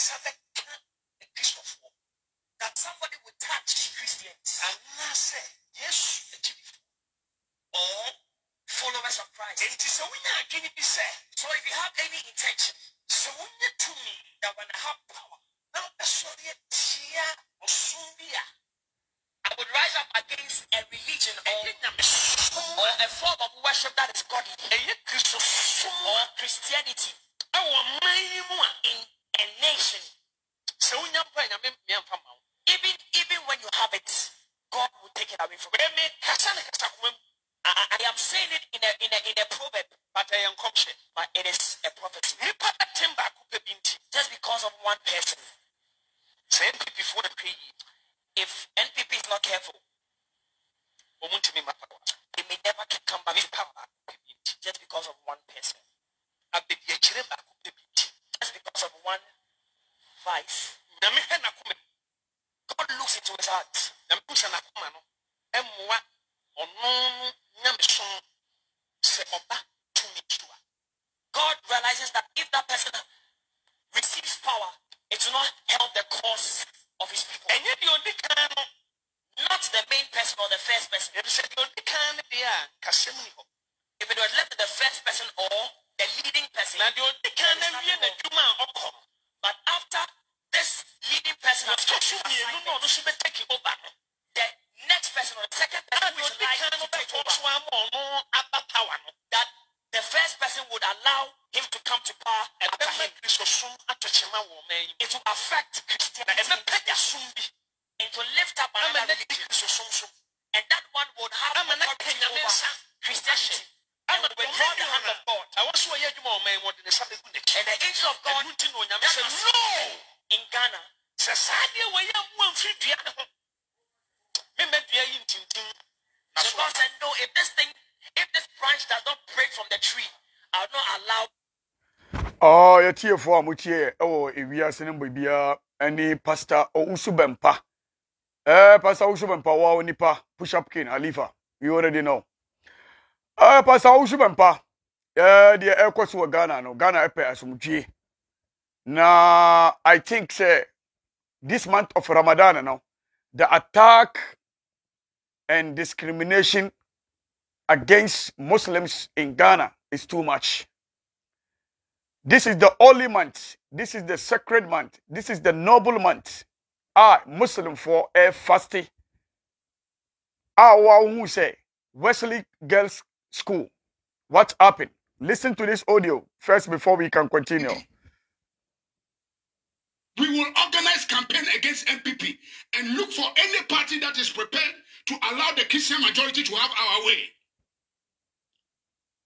something. taken away from me. I am saying it in a, in a, in a proverb, but I am conscious, but it is a prophecy. Just because of one person. So NPP for the pay. If NPP is not careful, they may never come back to power just because of one person. Just because of one vice. God looks into his heart. mmoa ɔno nyamesom sɛ ɔba ɛnyɛ som and to lift up another religion so som and that one would have authority over Christianity and with the hand of God and the angel of God that no in Ghana sɛ saa God said no if this thing if this branch does not break from the tree I will not allow Oh, ɔɔ yɛtiefoɔ a motie ɛwɔ ewiase no mbɔ biara Any pastor or oh, usubempa, Eh, pastor usubempa, Bempa, wow, nipa, push up king, alifa. You already know. Eh, pastor usubempa, eh, the aircourse were Ghana, no, Ghana epe asumji. Now, I think, say, this month of Ramadan, no, the attack and discrimination against Muslims in Ghana is too much. This is the only month this is the sacred month. This is the noble month. I, Muslim for a fasting. Our who say Wesley Girls School. What happened? Listen to this audio first before we can continue. We will organize campaign against MPP and look for any party that is prepared to allow the Christian majority to have our way.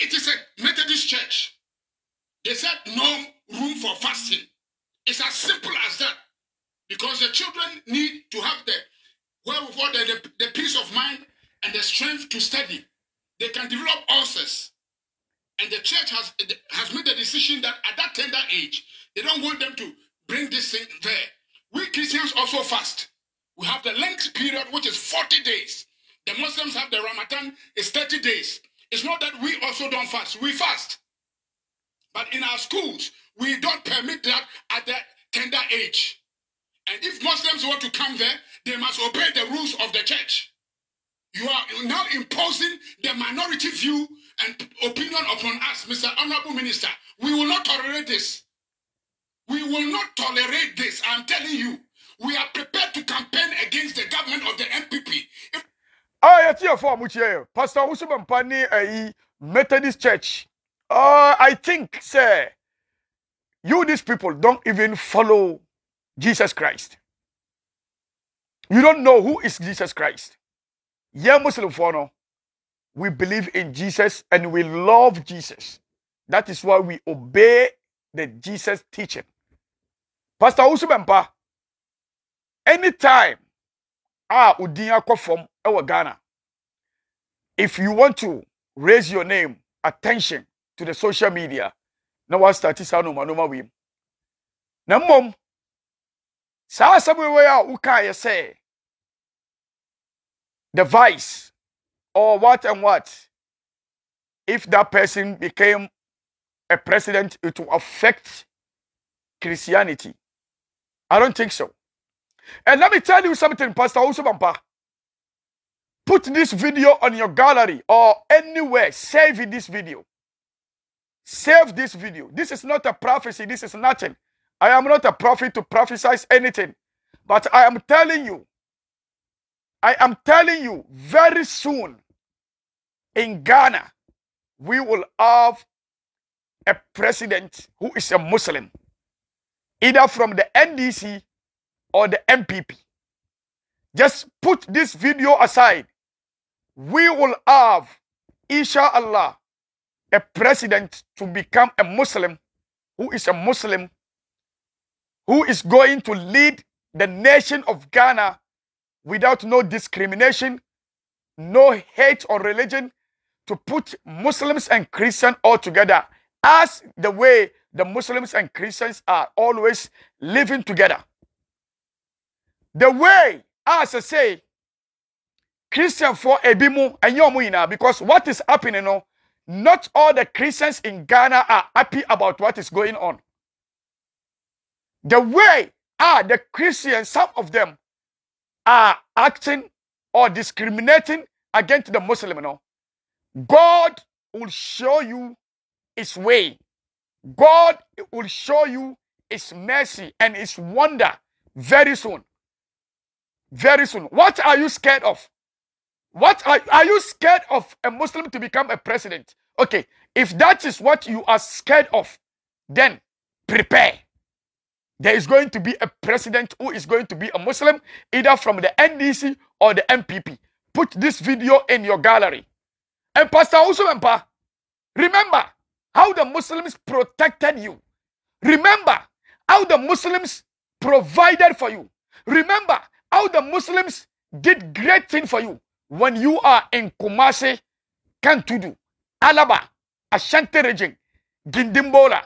It is a Methodist church. They said no room for fasting. It's as simple as that. Because the children need to have the wherewithal, the, the, the peace of mind, and the strength to study. They can develop ulcers. And the church has, has made the decision that at that tender age, they don't want them to bring this thing there. We Christians also fast. We have the length period, which is 40 days. The Muslims have the Ramadan, is 30 days. It's not that we also don't fast, we fast. But in our schools, we don't permit that at the tender age. And if Muslims want to come there, they must obey the rules of the church. You are now imposing the minority view and opinion upon us, Mr. Honorable Minister. We will not tolerate this. We will not tolerate this. I'm telling you. We are prepared to campaign against the government of the MPP. If... Ah, yet you for Pastor Usubampa ni eh, Methodist Church. Uh, I think, sir, you these people don't even follow Jesus Christ. You don't know who is Jesus Christ. Yeah, Muslim Fono, we believe in Jesus and we love Jesus. That is why we obey the Jesus teaching. Pastor Usubempa, anytime ah udinya from our Ghana, if you want to raise your name, attention, to the social media na wastart saa noma noma wei mu na mmom saa asɛm wei a wokaeɛ sɛ the vice or what and what if that person became a president it will affect christianity i don't think so and let me tell you something pastor usubampa put this video on your gallery or anywhere save this video Save this video. This is not a prophecy. This is nothing. I am not a prophet to prophesy anything. But I am telling you, I am telling you, very soon in Ghana, we will have a president who is a Muslim, either from the NDC or the MPP. Just put this video aside. We will have, inshallah, a president to become a Muslim who is a Muslim who is going to lead the nation of Ghana without no discrimination, no hate on religion, to put Muslims and Christians all together as the way the Muslims and Christians are always living together. The way, as I say, Christian for Ebimu and Yomuina, because what is happening you now not all the Christians in Ghana are happy about what is going on. The way are the Christians, some of them are acting or discriminating against the Muslim. No? God will show you his way. God will show you his mercy and his wonder very soon. Very soon. What are you scared of? What are, are you scared of a Muslim to become a president? Okay, if that is what you are scared of, then prepare. There is going to be a president who is going to be a Muslim, either from the NDC or the MPP. Put this video in your gallery. And Pastor also remember how the Muslims protected you. Remember how the Muslims provided for you. Remember how the Muslims did great thing for you when you are in Kumasi, Kantudu, Alaba, Ashanti region, Gindimbola,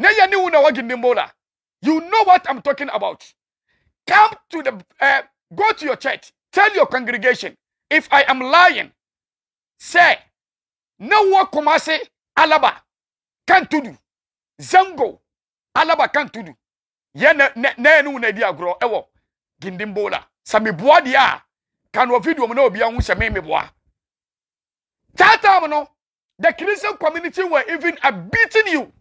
Gindimbola, you know what I'm talking about. Come to the, uh, go to your church, tell your congregation, if I am lying, say, Nawa Kumasi, Alaba, Kantudu, Zango, Alaba Kantudu, Yana Nenu Nadia Gro, Ewo, Gindimbola, Sami Buadia, kan wɔ video mu na obi ahu sɛ mimi boa that time no the christian community were even beating you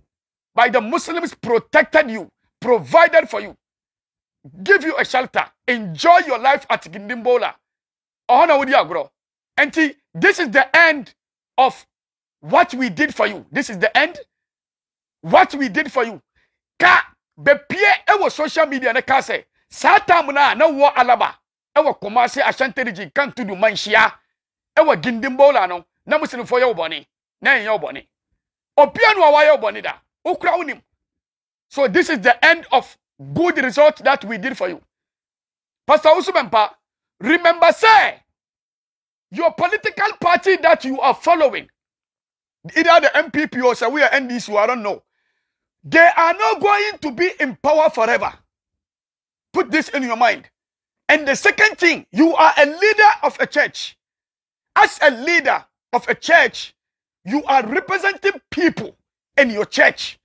by the muslims protected you provided for you give you a shelter enjoy your life at gindimbola ɔhɔ na wodi agorɔ nti this is the end of what we did for you this is the end what we did for you ka bepie ɛwɔ social media ne ka sɛ saa time na na wɔ alaba ɛwɔ kɔmaase ashantarigi kantudu manhyia ɛwɔ gindimbola no na musinfoɔ yɛ wɔbɔne na ɛnyɛ wɔbɔne obia no a wayɛ wɔbɔne da okura wonim so this is the end of good result that we did for you pastor usubempa remember say your political party that you are following either the npp or say we are ndc i don't know they are not going to be in power forever put this in your mind And the second thing, you are a leader of a church. As a leader of a church, you are representing people in your church.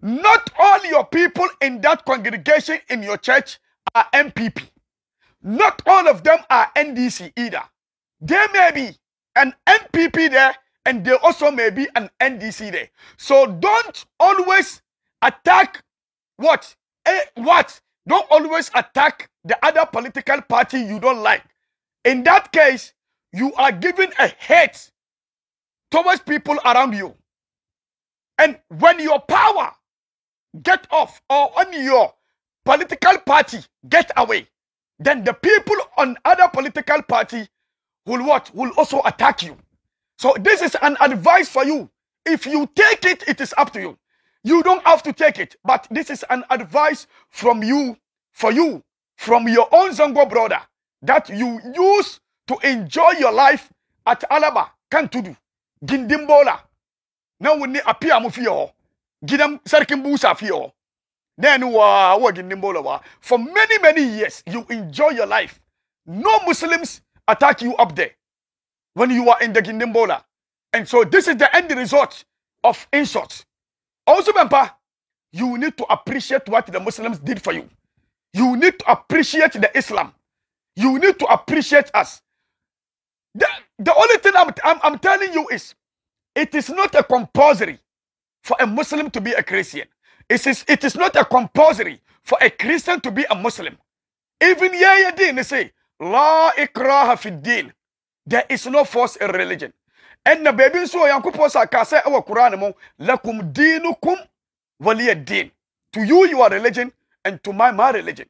Not all your people in that congregation in your church are MPP. Not all of them are NDC either. There may be an MPP there, and there also may be an NDC there. So don't always attack what? Eh, what? Don't always attack the other political party you don't like. In that case, you are giving a hate towards people around you. And when your power get off or on your political party get away, then the people on other political party will what? Will also attack you. So this is an advice for you. If you take it, it is up to you. You don't have to take it, but this is an advice from you, for you, from your own Zongo brother that you use to enjoy your life at Alaba, Kantudu, Gindimbola. Now we need a piamu you, Gidam Sarkimbusa you. Then wa Gindimbola For many, many years, you enjoy your life. No Muslims attack you up there when you are in the Gindimbola. And so this is the end result of insults. Also, remember, you need to appreciate what the Muslims did for you. You need to appreciate the Islam. You need to appreciate us. The, the only thing I'm, I'm, I'm telling you is it is not a compulsory for a Muslim to be a Christian. It is, it is not a compulsory for a Christian to be a Muslim. Even Yahya they say, La ikraha fi din. There is no force in religion. And the baby so yankupo sa kase ewa Quran mo lakum dinukum waliya din. To you, you are religion and to my, my religion.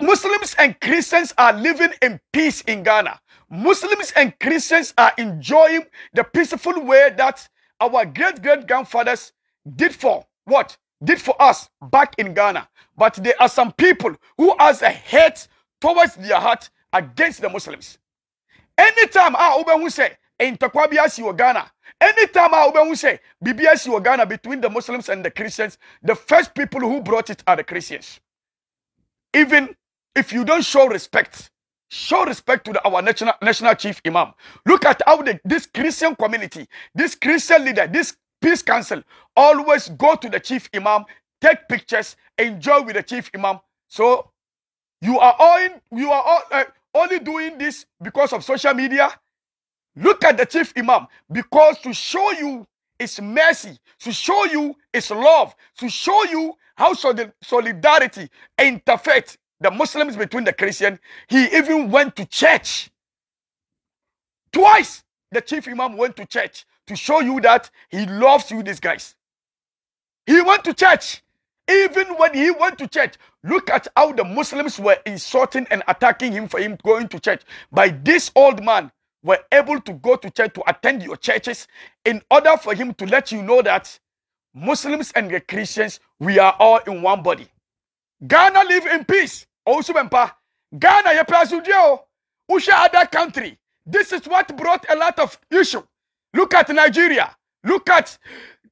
Muslims and Christians are living in peace in Ghana. Muslims and Christians are enjoying the peaceful way that our great great grandfathers did for what? Did for us back in Ghana. But there are some people who has a hate towards their heart against the Muslims. Anytime ah, say ntɔkwa bi asi wɔ ghana anytime a wobɛhu sɛ biribi asi wɔ ghana between the muslims and the christians the first people who brought it are the christians even if you don't show respect show respect to the, our national, national chief imam look at how the, this christian community this christian leader this peace council always go to the chief imam take pictures enjoy with the chief imam so you are all in, you are all, uh, only doing this because of social media Look at the chief imam because to show you his mercy, to show you his love, to show you how solidarity interfect the Muslims between the Christian. He even went to church. Twice the chief imam went to church to show you that he loves you, these guys. He went to church. Even when he went to church, look at how the Muslims were insulting and attacking him for him going to church by this old man were able to go to church, to attend your churches, in order for him to let you know that Muslims and the Christians, we are all in one body. Ghana live in peace. Osubempa. Ghana, ye prasudio. Oh. Usha other country. This is what brought a lot of issue. Look at Nigeria. Look at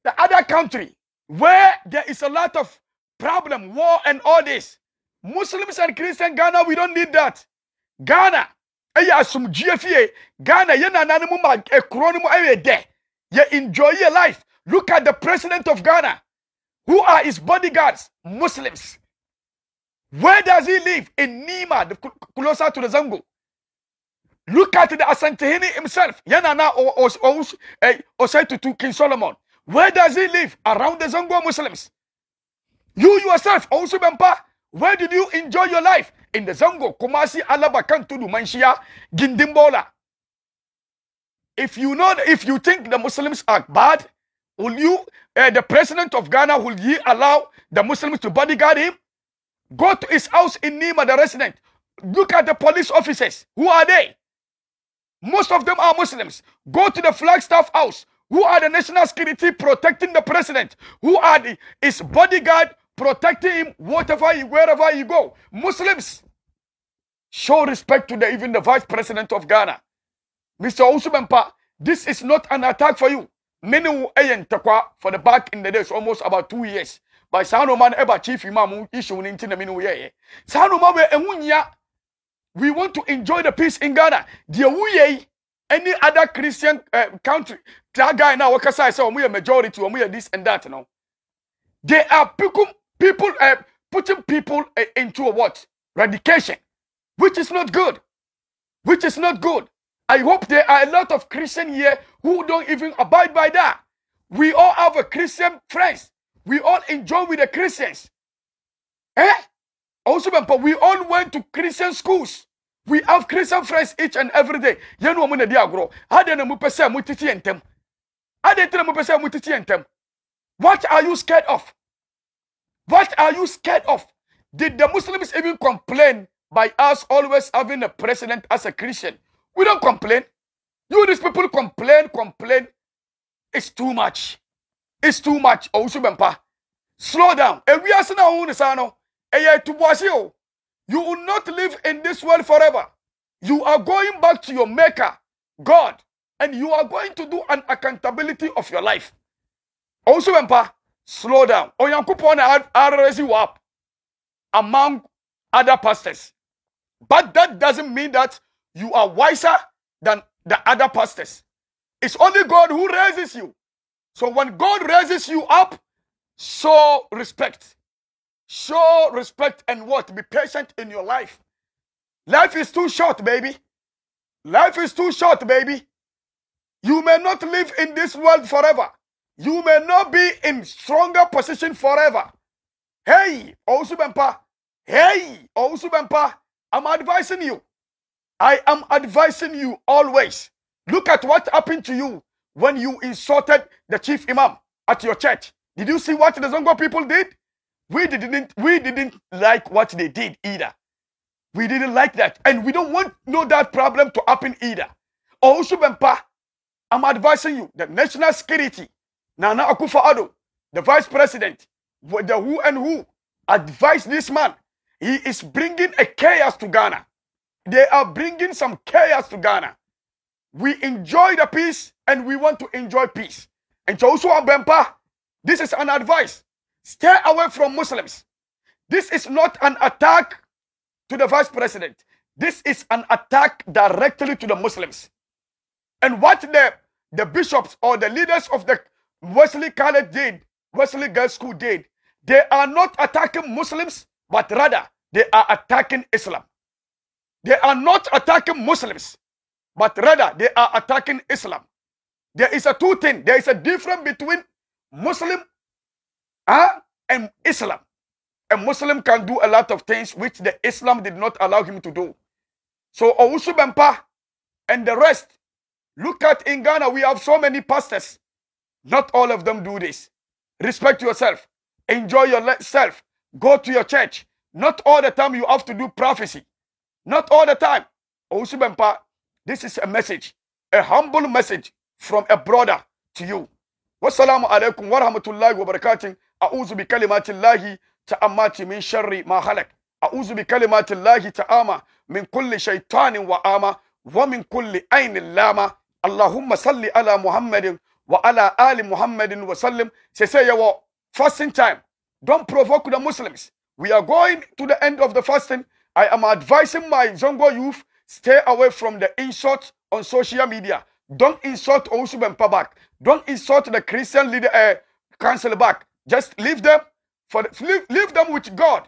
the other country where there is a lot of problem, war, and all this. Muslims and Christian Ghana, we don't need that. Ghana, ɛyɛ asomdue fie ghana yɛ nananom mu ma ekuro no enjoy your life look at the president of ghana who are his bodyguards muslims where does he live in nima the closer to the zango look at the asantehene himself yɛ nana ɔsɛ to eh, king solomon where does he live around the zango muslims you yourself ɔwusu where did you enjoy your life in the zango kumasi alaba kan tudu manshiya gindimbola. if you know if you think the muslims are bad will you uh, the president of ghana will he allow the muslims to bodyguard him go to his house in nima the resident look at the police officers who are they most of them are muslims go to the flagstaff house who are the national security protecting the president who are the his bodyguard protecting him whatever he, wherever he go. Muslims, show respect to the, even the vice president of Ghana. Mr. Usubempa, this is not an attack for you. Many ayen takwa for the back in the days, almost about two years. By Sano Man Eba Chief Imam issue in Tinaminu Ye. Sano Mawe we want to enjoy the peace in Ghana. Dear any other Christian uh, country, that guy now, Wakasa, I say, oh, we are majority, we are this and that, you know. They are picking people uh, putting people uh, into a what radication, which is not good, which is not good. I hope there are a lot of Christian here who don't even abide by that. We all have a Christian friends. We all enjoy with the Christians. Eh? Also, but we all went to Christian schools. We have Christian friends each and every day. You know, when they grow, how do you perceive What are you scared of? What are you scared of? Did the Muslims even complain by us always having a president as a Christian? We don't complain. You, these people, complain, complain. It's too much. It's too much. Also, oh, Shubempa. Slow down. And eh, we are saying, eh, you will not live in this world forever. You are going back to your maker, God, and you are going to do an accountability of your life. Also, oh, Empa, Slow down. Onyankopon oh, had raised you up among other pastors. But that doesn't mean that you are wiser than the other pastors. It's only God who raises you. So when God raises you up, show respect. Show respect and what? Be patient in your life. Life is too short, baby. Life is too short, baby. You may not live in this world forever. You may not be in stronger position forever. Hey, Osubempa. Hey, Osubempa. I'm advising you. I am advising you always. Look at what happened to you when you insulted the chief imam at your church. Did you see what the Zongo people did? We didn't, we didn't like what they did either. We didn't like that. And we don't want no that problem to happen either. Oshubempa, I'm advising you, the national security Nana akufo Ado, the vice president, the who and who advised this man. He is bringing a chaos to Ghana. They are bringing some chaos to Ghana. We enjoy the peace and we want to enjoy peace. And Chausu Abempa, this is an advice. Stay away from Muslims. This is not an attack to the vice president. This is an attack directly to the Muslims. And what the, the bishops or the leaders of the Wesley College did, Wesley Girls School did. They are not attacking Muslims, but rather they are attacking Islam. They are not attacking Muslims, but rather they are attacking Islam. There is a two thing. There is a difference between Muslim huh, ah, and Islam. A Muslim can do a lot of things which the Islam did not allow him to do. So Owusu Bempa and the rest, look at in Ghana, we have so many pastors. Not all of them do this. Respect yourself. Enjoy yourself. Go to your church. Not all the time you have to do prophecy. Not all the time. Osubempa, oh, this is a message, a humble message from a brother to you. Wassalamu alaikum wa rahmatullahi wa barakatuh. A'udhu bi kalimatillahi ta'ammati min sharri ma khalaq. A'udhu bi kalimatillahi ta'ama min kulli shaitanin wa ama wa min kulli ainin lama. Allahumma salli ala Muhammadin wa ala ali Muhammadin wa sallim. She say your fasting time. Don't provoke the Muslims. We are going to the end of the fasting. I am advising my Zongo youth, stay away from the insults on social media. Don't insult Ousub and Pabak. Don't insult the Christian leader, uh, council back. Just leave them for the, leave, leave them with God.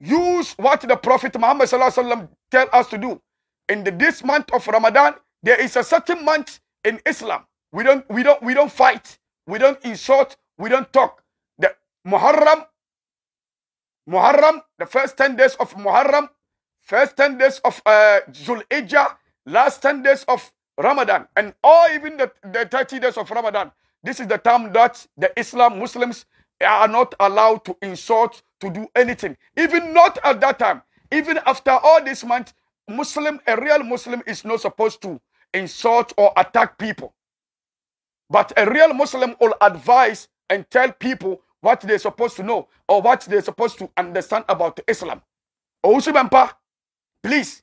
Use what the Prophet Muhammad sallallahu sallam, tell us to do. In the, this month of Ramadan, there is a certain month in Islam we don't, we don't, we don't fight. We don't insult. We don't talk. The Muharram, Muharram, the first 10 days of Muharram, first 10 days of uh, Zulhijjah, last 10 days of Ramadan, and all even the, the 30 days of Ramadan. This is the time that the Islam Muslims are not allowed to insult, to do anything. Even not at that time. Even after all this month, Muslim, a real Muslim is not supposed to insult or attack people. But a real Muslim will advise and tell people what they're supposed to know or what they're supposed to understand about Islam. Ousibempa, please,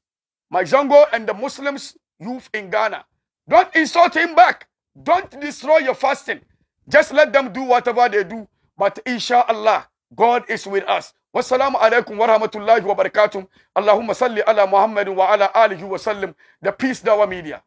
my Zango and the Muslims youth in Ghana, don't insult him back. Don't destroy your fasting. Just let them do whatever they do. But inshallah, God is with us. Wassalamu alaikum wa rahmatullahi wa barakatuh. Allahumma salli ala Muhammad wa ala alihi wa sallim. The Peace Dawa Media.